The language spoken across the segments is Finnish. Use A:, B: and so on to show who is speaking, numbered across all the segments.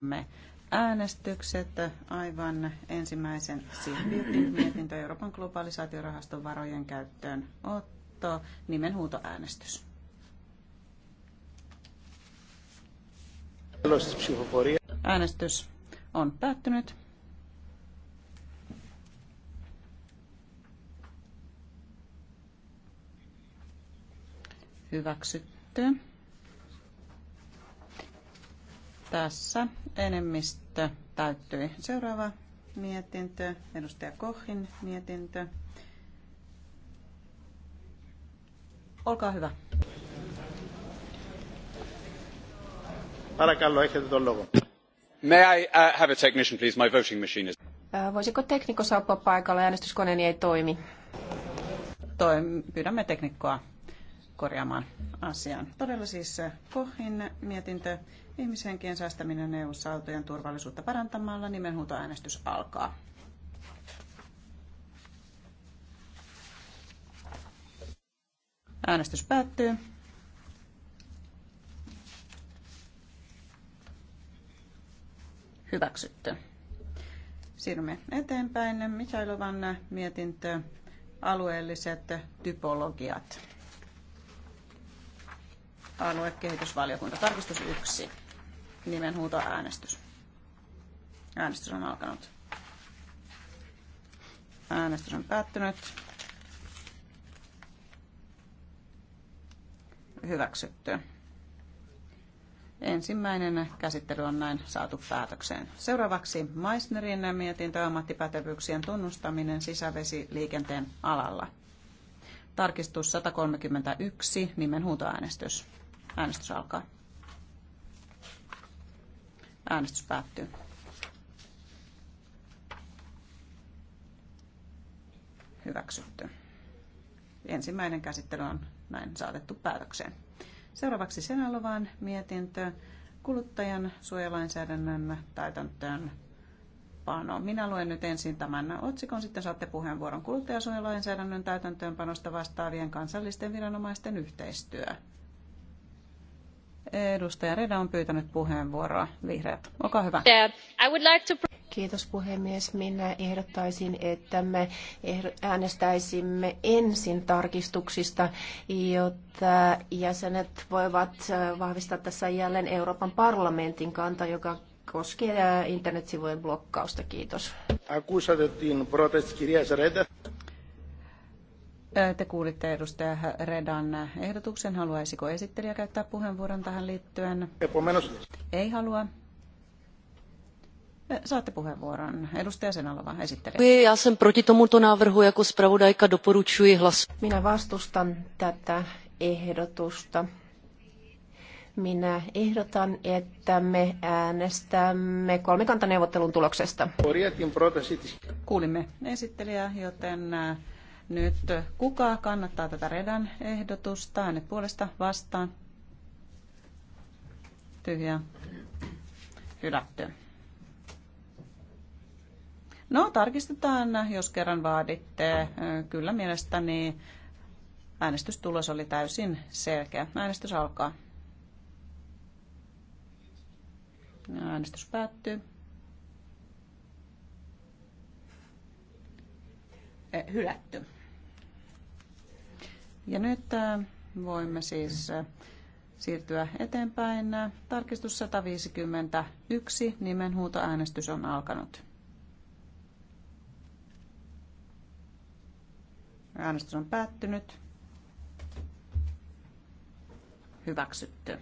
A: me äänestykset. Aivan ensimmäisen Silviotin mietintö Euroopan globalisaatiorahaston varojen käyttöön otto, nimenhuutoäänestys. Äänestys on päättynyt. Hyväksytty. Tässä enemmistö täyttyi. Seuraava mietintö, edustaja Kohin mietintö. Olkaa hyvä. Παρακαλώ, έχετε May I uh, have a technician, please? My voting machine is... Uh, voisiko teknikko saapua paikalle? Äänestyskoneeni ei toimi. Toim, pyydämme teknikkoa korjaamaan asian. Todella siis äh, Kohin mietintö ihmishenkien säästäminen EU-ssa autojen turvallisuutta parantamalla. Nimenhuutoäänestys alkaa. Äänestys päättyy. Hyväksytty. Siirrymme eteenpäin. Mikailovan mietintö, alueelliset typologiat aluekehitysvaliokunta. Tarkistus yksi Nimenhuutoäänestys. Äänestys on alkanut. Äänestys on päättynyt. Hyväksytty. Ensimmäinen käsittely on näin saatu päätökseen. Seuraavaksi Meissnerin mietintö ammattipätevyyksien tunnustaminen sisävesiliikenteen alalla. Tarkistus 131, nimen huutoäänestys. Äänestys alkaa. Äänestys päättyy. Hyväksytty. Ensimmäinen käsittely on näin saatettu päätökseen. Seuraavaksi Senalovaan mietintö kuluttajan suojalainsäädännön täytäntöön täytäntöönpano. Minä luen nyt ensin tämän otsikon, sitten saatte puheenvuoron kuluttajasuojalainsäädännön täytäntöönpanosta vastaavien kansallisten viranomaisten yhteistyö. Edustaja Reda on pyytänyt puheenvuoroa. Vihreät, olkaa
B: hyvä. Kiitos puhemies. Minä ehdottaisin, että me äänestäisimme ensin tarkistuksista, jotta jäsenet voivat äh, vahvistaa tässä jälleen Euroopan parlamentin kanta, joka
A: koskee äh, internetsivujen blokkausta. Kiitos.
B: Ακούσατε την
A: te kuulitte edustaja Redan ehdotuksen. Haluaisiko esittelijä käyttää puheenvuoron tähän liittyen? Ei halua. Saatte puheenvuoron. Edustaja Senalova, esittelijä.
B: Já jsem proti tomuto návrhu jako spravodajka doporučuji hlas. Minä vastustan tätä ehdotusta. Minä ehdotan, että me äänestämme
A: kolmikantaneuvottelun tuloksesta. Kuulimme esittelijää, joten nyt. Kuka kannattaa tätä Redan ehdotusta? Äänet puolesta vastaan. Tyhjä. Hylätty. No, tarkistetaan, jos kerran vaaditte. Kyllä mielestäni äänestystulos oli täysin selkeä. Äänestys alkaa. Äänestys päättyy. Eh, hylätty. Ja nyt äh, voimme siis äh, siirtyä eteenpäin. Äh, tarkistus 151, nimenhuutoäänestys on alkanut. Äänestys on päättynyt. Hyväksytty.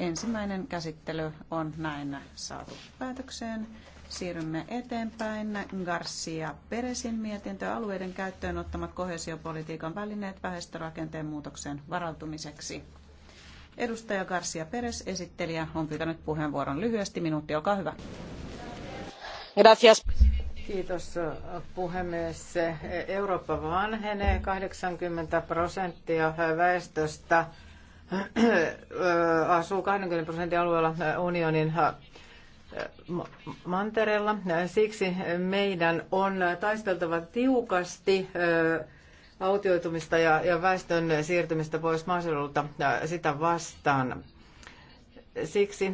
A: Ensimmäinen käsittely on näin saatu päätökseen. Siirrymme eteenpäin. Garcia Peresin mietintö alueiden käyttöön ottamat kohesiopolitiikan välineet väestörakenteen muutoksen varautumiseksi. Edustaja Garcia Peres, esittelijä, on pyytänyt puheenvuoron lyhyesti. Minuutti, olkaa hyvä. Gracias. Kiitos puhemies.
B: Eurooppa vanhenee 80 prosenttia väestöstä asuu 20 prosentin alueella unionin mantereella. Siksi meidän on taisteltava tiukasti autioitumista ja, väestön siirtymistä pois maaseudulta sitä vastaan. Siksi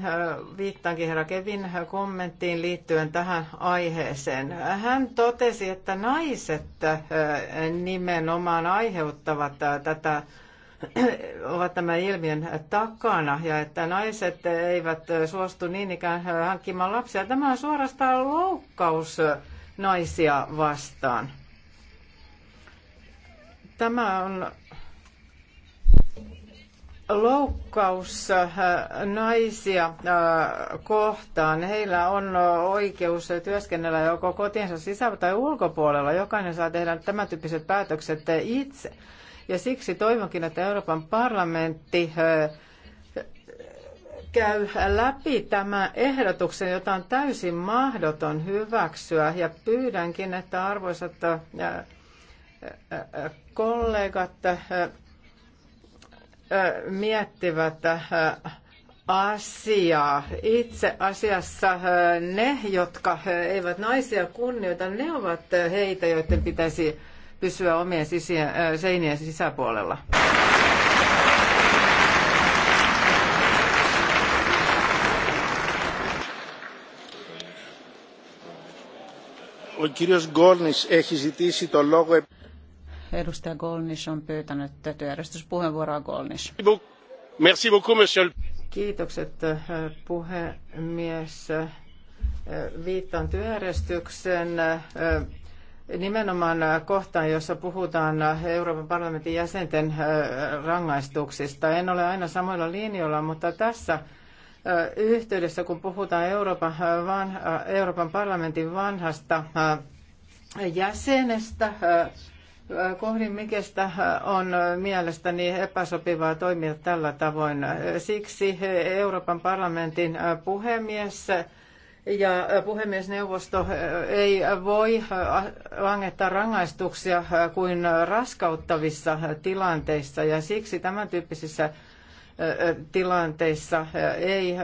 B: viittaankin herra Kevin kommenttiin liittyen tähän aiheeseen. Hän totesi, että naiset nimenomaan aiheuttavat tätä ovat tämän ilmiön takana ja että naiset eivät suostu niin ikään hankkimaan lapsia. Tämä on suorastaan loukkaus naisia vastaan. Tämä on loukkaus äh, naisia äh, kohtaan. Heillä on äh, oikeus työskennellä joko kotiensa sisällä tai ulkopuolella. Jokainen saa tehdä tämän tyyppiset päätökset itse. Ja siksi toivonkin, että Euroopan parlamentti käy läpi tämän ehdotuksen, jota on täysin mahdoton hyväksyä. Ja pyydänkin, että arvoisat kollegat miettivät asiaa. Itse asiassa ne, jotka eivät naisia kunnioita, ne ovat heitä, joiden pitäisi pysyä omien sisien, seinien sisäpuolella. Ο κύριος Γκόρνης έχει
A: ζητήσει το λόγο... Edustaja Golnish on pyytänyt työjärjestyspuheenvuoroa Golnish. Merci beaucoup, monsieur. Kiitokset puhemies.
B: Viittaan työjärjestyksen nimenomaan kohtaan, jossa puhutaan Euroopan parlamentin jäsenten rangaistuksista. En ole aina samoilla linjoilla, mutta tässä yhteydessä, kun puhutaan Euroopan, van, Euroopan parlamentin vanhasta jäsenestä, kohdin mikestä on mielestäni epäsopivaa toimia tällä tavoin. Siksi Euroopan parlamentin puhemies ja puhemiesneuvosto ei voi langettaa rangaistuksia kuin raskauttavissa tilanteissa ja siksi tämän tyyppisissä tilanteissa ei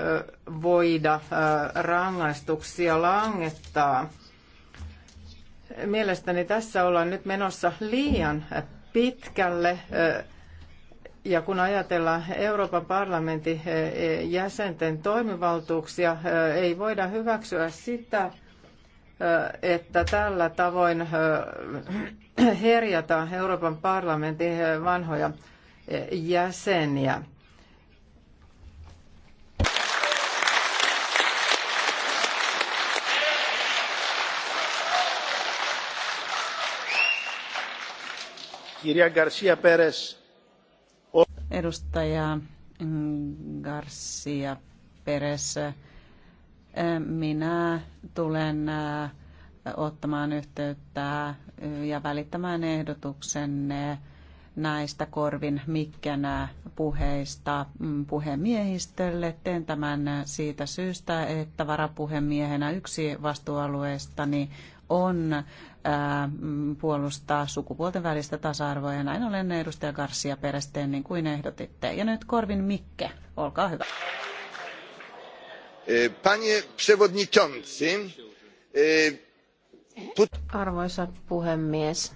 B: voida rangaistuksia langettaa. Mielestäni tässä ollaan nyt menossa liian pitkälle ja kun ajatellaan Euroopan parlamentin eh, eh, jäsenten toimivaltuuksia, eh, ei voida hyväksyä sitä, että tällä tavoin herjataan Euroopan parlamentin vanhoja jäseniä.
A: Kirja Garcia Perez Edustaja Garcia Peres, minä tulen äh, ottamaan yhteyttä ja välittämään ehdotuksenne näistä korvin mikkänä puheista mm, puhemiehistölle. Teen tämän siitä syystä, että varapuhemiehenä yksi vastuualueestani on mm, puolustaa sukupuolten välistä tasa-arvoa. Ja näin olen edustaja Garcia Peresteen niin kuin ehdotitte. Ja nyt Korvin Mikke, olkaa hyvä. E, panie
B: przewodniczący. E, Arvoisa puhemies,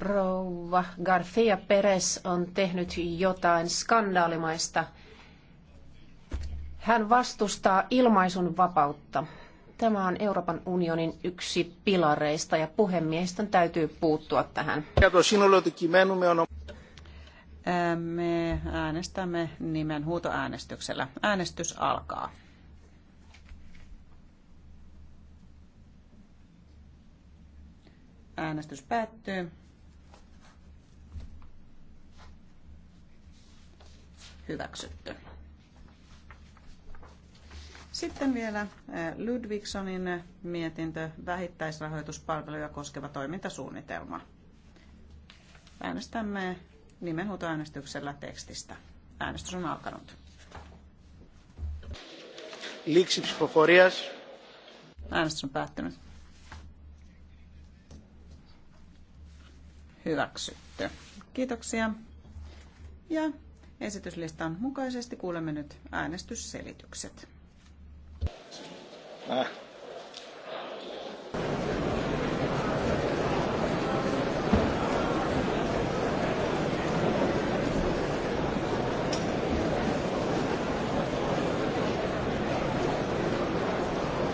B: Rouva Garcia Perez on tehnyt jotain skandaalimaista. Hän vastustaa ilmaisun vapautta. Tämä on Euroopan unionin
A: yksi pilareista ja puhemiehistön täytyy puuttua tähän. Me äänestämme nimen huutoäänestyksellä. Äänestys alkaa. Äänestys päättyy. hyväksytty. Sitten vielä eh, Ludvigsonin mietintö vähittäisrahoituspalveluja koskeva toimintasuunnitelma. Äänestämme nimenhuutoäänestyksellä tekstistä. Äänestys on alkanut. Äänestys on päättynyt. Hyväksytty. Kiitoksia. Ja Esityslistan mukaisesti kuulemme nyt äänestysselitykset. Äh.